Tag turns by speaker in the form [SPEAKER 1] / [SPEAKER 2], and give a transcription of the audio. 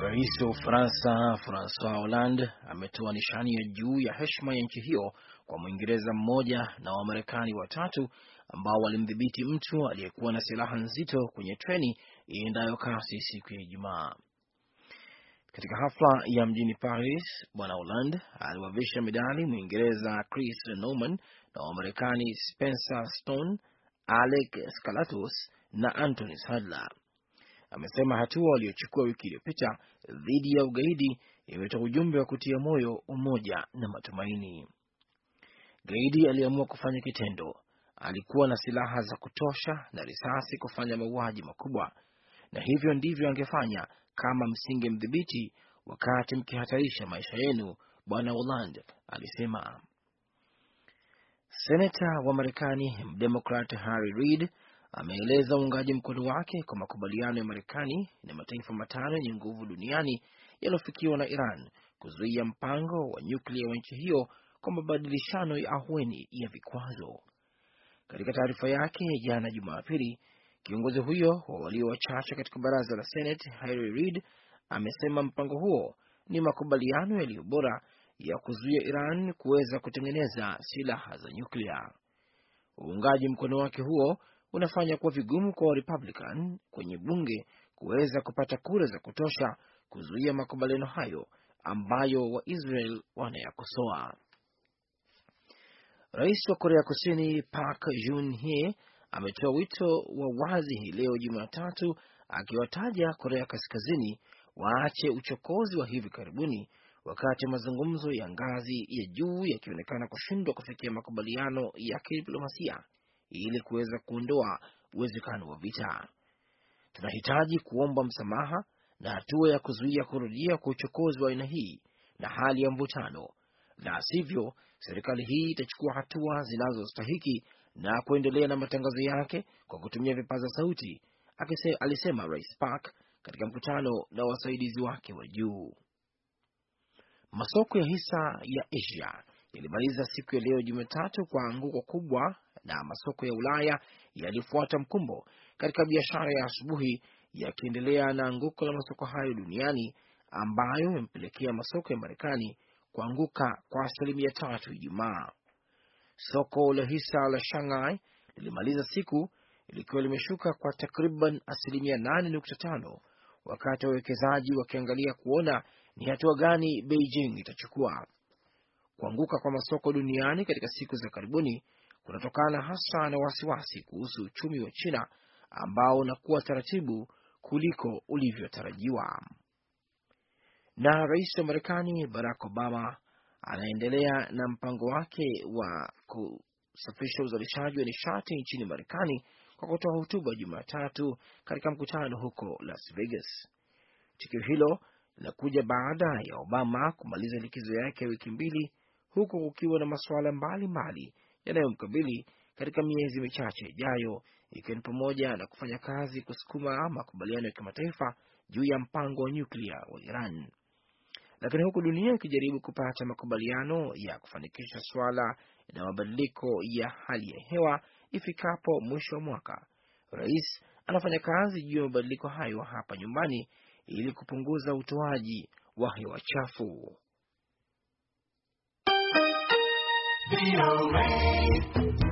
[SPEAKER 1] Rais wa Ufaransa Francois Hollande ametoa nishani ya juu ya heshima ya nchi hiyo kwa Mwingereza mmoja na Wamarekani watatu ambao walimdhibiti mtu aliyekuwa na silaha nzito kwenye treni iendayo kasi siku ya Ijumaa. Katika hafla ya mjini Paris, Bwana holland aliwavisha medali Mwingereza Chris Norman na Wamarekani Spencer Stone, Alec Skalatos na Anthony Sadler amesema hatua waliochukua wiki iliyopita dhidi ya ugaidi imetoa ujumbe wa kutia moyo, umoja na matumaini. Gaidi aliamua kufanya kitendo, alikuwa na silaha za kutosha na risasi kufanya mauaji makubwa, na hivyo ndivyo angefanya kama mdhibiti wakati mkihatarisha maisha yenu, Bwana Oland alisema. Senata wa Marekani mdemokrat Harry Reid ameeleza uungaji mkono wake kwa makubaliano ya Marekani na mataifa matano yenye nguvu duniani yaliyofikiwa na Iran kuzuia mpango wa nyuklia wa nchi hiyo kwa mabadilishano ya ahueni ya vikwazo. Katika taarifa yake jana Jumapili, kiongozi huyo wa walio wachache katika baraza la Senate Harry Reid amesema mpango huo ni makubaliano yaliyo bora ya kuzuia Iran kuweza kutengeneza silaha za nyuklia. Uungaji mkono wake huo unafanya kuwa vigumu kwa Warepublican kwenye bunge kuweza kupata kura za kutosha kuzuia makubaliano hayo ambayo Waisrael wanayakosoa. Rais wa Korea Kusini Park Geun-hye ametoa wito wa wazi hii leo Jumatatu, akiwataja Korea Kaskazini waache uchokozi wa hivi karibuni, wakati mazungumzo ya ngazi ya juu yakionekana kushindwa kufikia makubaliano ya kidiplomasia ili kuweza kuondoa uwezekano wa vita. Tunahitaji kuomba msamaha na hatua ya kuzuia kurudia kwa uchokozi wa aina hii na hali ya mvutano, na sivyo serikali hii itachukua hatua zinazostahiki na kuendelea na matangazo yake kwa kutumia vipaza sauti, akise, alisema Rais Park katika mkutano na wasaidizi wake wa juu. Masoko ya hisa ya Asia ilimaliza siku ya leo Jumatatu kwa anguko kubwa, na masoko ya Ulaya yalifuata mkumbo katika biashara ya asubuhi, yakiendelea na anguko la masoko hayo duniani ambayo yamepelekea masoko ya Marekani kuanguka kwa asilimia tatu Ijumaa. Soko la hisa la Shanghai lilimaliza siku likiwa limeshuka kwa takriban asilimia tano wakati wawekezaji wakiangalia kuona ni hatua gani Beijing itachukua. Kuanguka kwa masoko duniani katika siku za karibuni kunatokana hasa na wasiwasi kuhusu uchumi wa China ambao unakuwa taratibu kuliko ulivyotarajiwa. Na rais wa Marekani Barack Obama anaendelea na mpango wake wa kusafisha uzalishaji wa nishati nchini Marekani kwa kutoa hotuba Jumatatu katika mkutano huko Las Vegas. Tukio hilo linakuja baada ya Obama kumaliza likizo yake ya wiki mbili huku kukiwa na masuala mbalimbali yanayomkabili katika miezi michache ijayo, ikiwa ni pamoja na kufanya kazi kusukuma makubaliano ya kimataifa juu ya mpango wa nyuklia wa Iran. Lakini huku dunia ikijaribu kupata makubaliano ya kufanikisha suala la mabadiliko ya hali ya hewa ifikapo mwisho wa mwaka, rais anafanya kazi juu ya mabadiliko hayo hapa nyumbani ili kupunguza utoaji wa hewa chafu. Be away.